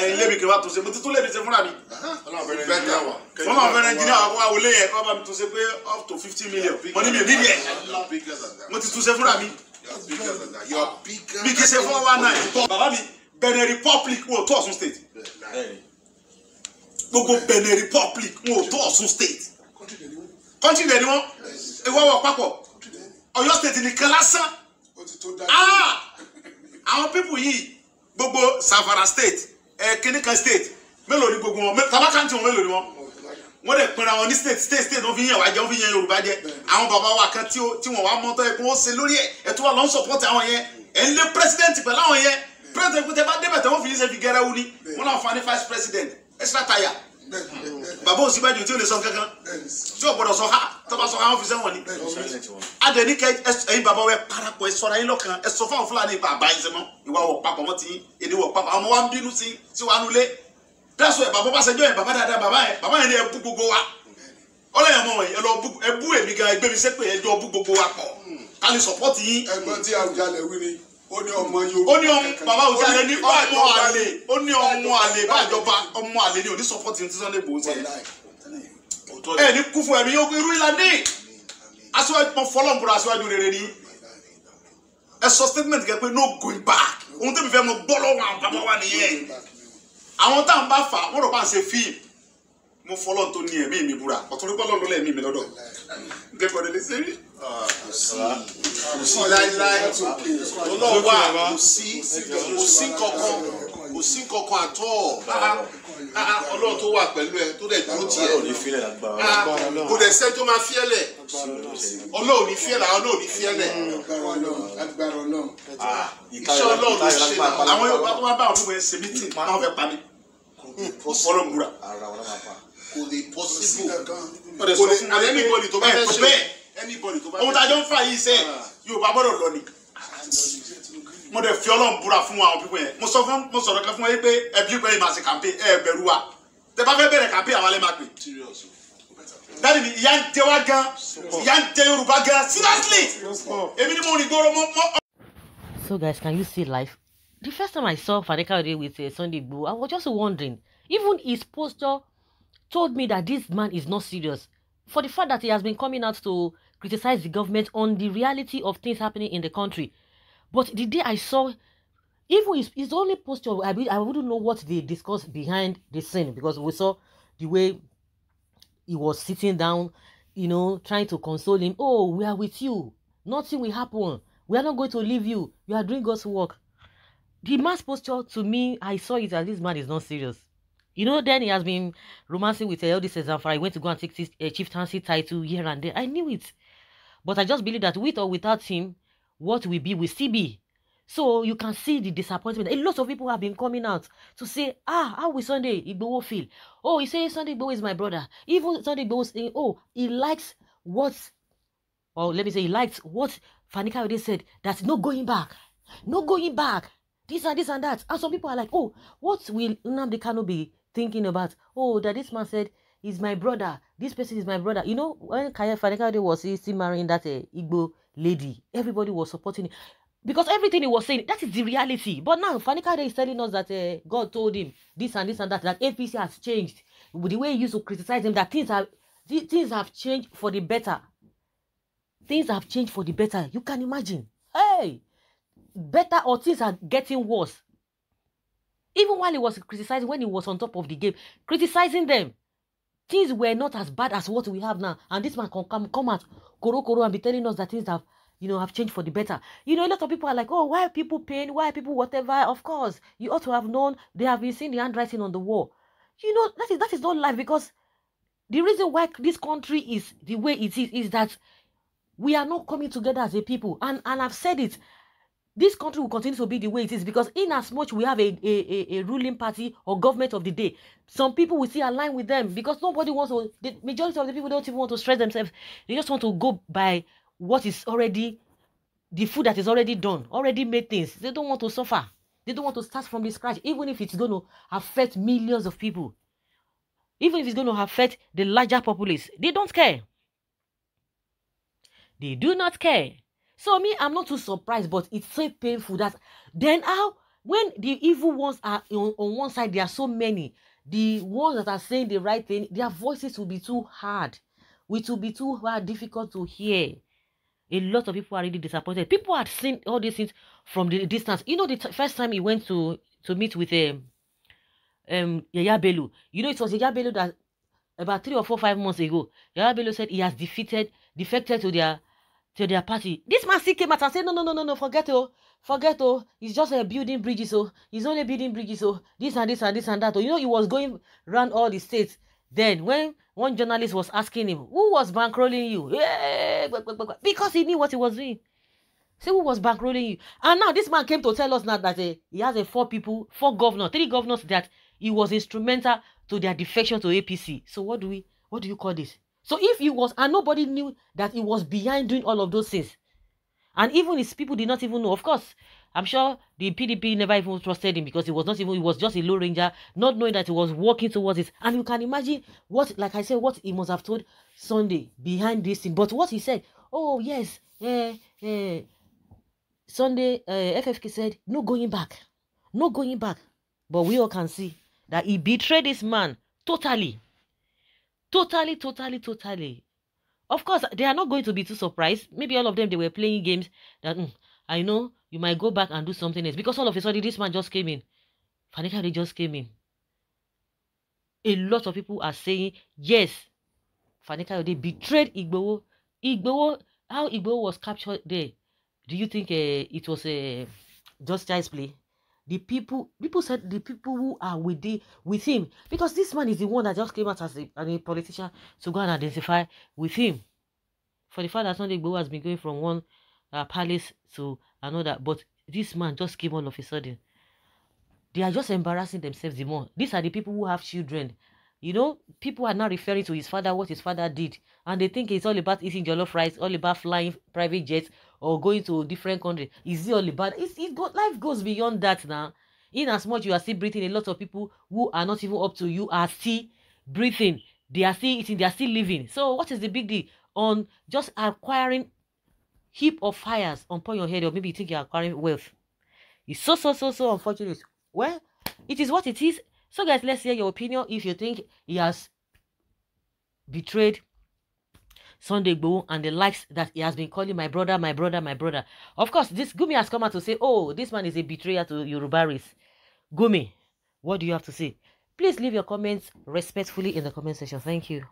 ẹyin lébi kí n bá tún ṣe mo ti tún lébi ṣe fúnra mi. fọlọ́n ọ̀fẹ́ nàìjíríà wà kó wá wọlé yẹn kó bá mi tún ṣe pé up to fifty million mo ní mi ò nídìí ẹ̀ mo ti tún ṣe fúnra mi. bí kì í ṣe four one nine. bàbá mi Benin Republic wọn ò tó Ọ̀ṣun state gbogbo Benin Republic wọn ò tó Ọ̀ṣun state kọ́ńtì dẹ̀ ni wọ́n ewu ọwọ́ papọ̀ Ọ̀yọ́ state nìkan lásán ah! àwọn pípù yìí gbogbo Zamfara state. Eh, kíní state mélòó ni gbogbo wọn tabakanti wọn mélòó ni wọn wọ́n dẹ̀ pinra wọn ní state state state wọ́n fi yàn wá jẹ́ wọ́n fi yàn Yorùbá jẹ́ àwọn bàbá wa kan tí wọ́n wá mọ́tọ́ ẹ̀ kó wọ́n ṣe lórí ẹ̀ ẹ̀ tó wà lọ́n support àwọn yẹn ẹ̀ ń lé president pẹ̀lú àwọn yẹn president kúta bá débẹ̀ tẹ̀ wọ́n fi yín ṣe fi gẹ́rẹ́ wú ni náà fa ní vice president extra tire bàbá Ọ̀ṣínbàjò tí ó lè sọ kankan tí ó gbọ́dọ̀ sọ ha tó bá sọ ha wọ́n fi sẹ́wọ̀n ni. adẹni kẹ ẹyin bàbá wẹ parapọ̀ ẹ sọra yín lọ́kàn ẹ sọ fáwọn fúlàní bàbá yín sẹ́mọ́ ìwà wọ̀ papọ̀ mọ́ ti èdè wọ̀ papọ̀ àwọn wa ń bínú sí sí wa nulẹ̀ dáṣọ ẹ bàbá bàṣẹjọ ẹ bàbá dáadáa bàbá yẹn bàbá yẹn ni ẹ bú gbogbo wa ọlọ́yìn ọmọ ẹ lọ bú èmi gan ẹgbẹ́ mi sẹ́pẹ̀ ẹ jọ bú gbogbo wa pọ̀ ká lè sọ̀pọ̀tì yín. ẹgbẹ́ tí Àwùjalẹ̀ wí ni ó ní ọmọ yorùbá ó ní ọmọ bàbá òsèré ní bàjọ́ àlè ó ní ọmọ àlè bàjọba ọmọ àlè ni òní sọpọ́tì ní sísan lẹ́gbọ̀ọ́ sẹ́ ẹ ní kú fún ẹ̀mí irú ìlà ní aṣíwájú pọn fọlọ́ǹkúrò aṣíwájú rere ni ẹ sọ statement kẹ pé no going back ohun tẹ́mi fẹ́ mo gbọ́ lọ́wọ́ àwọn bàbá wa nìyẹn àwọn táwọn bá fà wọ́n rò bá ń ṣe fíìmù mo fọlọ́ tó ní ẹ̀mí mi búra ọ̀tún rí bọ́lọ́ lọ́lọ́ ẹ̀mí mi lọ́dọ̀ gẹ́gọ́ kò sí láíláí ọlọ́run wà kò sí kò sí kankan kò sí kankan àtọ́ ọlọ́run tó wà pẹ̀lú ẹ tó dẹ̀ dúró tiẹ̀ kò dẹ̀ sẹ́ tó máa fiẹ́lẹ̀ ọlọ́run ní fiẹ́lẹ̀ ọlọ́run ní fiẹ́lẹ̀ ah, iṣẹ́ ọlọ́run ló ṣe náà àwọn yóò bá tó máa bá àwọn fúnbẹ́ ṣe mítìn máa fẹ́ pa mí ọ̀sọ́rọ̀ múra kò lè possible kò lè anybody tó bá fẹ́ eh, ṣe anybody tó bá fẹ́ ṣe ohun tá a jọ ń fà yìí sẹ́ẹ̀. Ah yorùbá gbọ́dọ̀ lọ ni mo dẹ̀ fi ọlọ́run búra fún àwọn pípọ̀ yẹn mo sọ fún mo sọ̀rọ̀ kan fún ẹ pé ẹbí pé màá ṣe kàmpé ẹ bẹ̀rù wa tẹ́ bá fẹ́ bẹ̀rẹ̀ kàmpé àwọn alẹ́ máa pè dáàdi mi ìyá ń jẹ wá gan ìyá ń jẹ yorùbá gan seriously èmi ni mo rìn gbòòrò mo. so guys can you see life the first time i saw Fadeka Ode with uh, Sunday Igboho i was just wondering even his posture told me that this man is not serious for the fact that he has been coming out to criticize the government on the reality of things happening in the country. But the day I saw, even his, his only posture, I, I wouldn't know what they discussed behind the scene because we saw the way he was sitting down, you know, trying to console him. Oh, we are with you. Nothing will happen. We are not going to leave you. You are doing God's work. The man's posture, to me, I saw it as this man is not serious. You know, then he has been romancing with Eldi Cesar. I went to go and take this uh, eh, chieftaincy title here and there. I knew it. But I just believe that with or without him, what will be will still be. So you can see the disappointment. A lot of people have been coming out to say, ah, how will Sunday Igboho feel? Oh, he says Sunday Igboho is my brother. Even Sunday Igboho saying, oh, he likes what, or let me say, he likes what Fani Kayode said, that's no going back. No going back. This and this and that. And some people are like, oh, what will Nnamdi Kanu be thinking about? Oh, that this man said is my brother. This person is my brother. You know, when Kaya Fadekade was still marrying that uh, Igbo lady, everybody was supporting him. Because everything he was saying, that is the reality. But now, Fanikade is telling us that uh, God told him this and this and that, that APC has changed. The way he used to criticize him, that things have, th things have changed for the better. Things have changed for the better. You can imagine. Hey, better or things are getting worse. Even while he was criticizing, when he was on top of the game, criticizing them things were not as bad as what we have now. And this man can come come out koro koro and be telling us that things have you know have changed for the better. You know, a lot of people are like, oh, why people pain? Why people whatever? Of course, you ought to have known they have been seeing the handwriting on the wall. You know, that is that is not life because the reason why this country is the way it is is that we are not coming together as a people. And and I've said it. this country will continue to be the way it is because in as much we have a, a, a, a ruling party or government of the day, some people will still align with them because nobody wants to, the majority of the people don't even want to stress themselves. They just want to go by what is already, the food that is already done, already made things. They don't want to suffer. They don't want to start from the scratch, even if it's going to affect millions of people. Even if it's going to affect the larger populace. They don't care. They do not care. So me, I'm not too surprised, but it's so painful that then how when the evil ones are on, on one side, there are so many. The ones that are saying the right thing, their voices will be too hard, which will be too hard, difficult to hear. A lot of people are really disappointed. People had seen all these things from the distance. You know, the first time he went to to meet with um um Yaya Bello. You know, it was Yaya Bello that about three or four, five months ago, Yaya Bello said he has defeated defected to their to their party. This man still came out and said, No, no, no, no, no, forget oh, forget oh, it's just uh, building bridges oh, it's only building bridges oh, this and this and this and that oh. You know, he was going around all the states. Then when one journalist was asking him, Who was bankrolling you? Yeah, because he knew what he was doing. Say who was bankrolling you. And now this man came to tell us now that uh, he has a uh, eh, four people, four governors, three governors that he was instrumental to their defection to APC. So what do we what do you call this? So if it was, and nobody knew that it was behind doing all of those things, and even his people did not even know. Of course, I'm sure the PDP never even trusted him because he was not even, he was just a low ranger, not knowing that he was walking towards it. And you can imagine what, like I said, what he must have told Sunday behind this thing. But what he said, oh, yes, eh, eh. Sunday, uh, eh, FFK said, no going back, no going back. But we all can see that he betrayed this man totally. Totally, totally, totally. Of course, they are not going to be too surprised. Maybe all of them, they were playing games that, mm, I know, you might go back and do something else. Because all of a sudden, this man just came in. Fanika, they just came in. A lot of people are saying, yes, Fanika, they betrayed Igbo. Igbo. how Igbo was captured there. Do you think uh, it was uh, just child's play? the people people said the people who are with the with him because this man is the one that just came out as a, as a politician to go and identify with him for the fact that Sunday Igboho has been going from one uh, palace to another but this man just came all of a sudden they are just embarrassing themselves the more these are the people who have children you know, people are now referring to his father, what his father did. And they think it's all about eating jollof rice, all about flying private jets or going to a different country. Is it all about it's, it go, life goes beyond that now. In as much you are still breathing, a lot of people who are not even up to you are still breathing. They are still eating, they are still living. So what is the big deal on just acquiring heap of fires on upon your head, or maybe you think you are acquiring wealth? It's so so so so unfortunate. Well, it is what it is. So, guys, let's hear your opinion if you think he has betrayed Sunday Igboho and the likes that he has been calling my brother, my brother, my brother. Of course, this Gumi has come out to say, oh, this man is a betrayer to Yorubaris. Gumi, what do you have to say? Please leave your comments respectfully in the comment section. Thank you.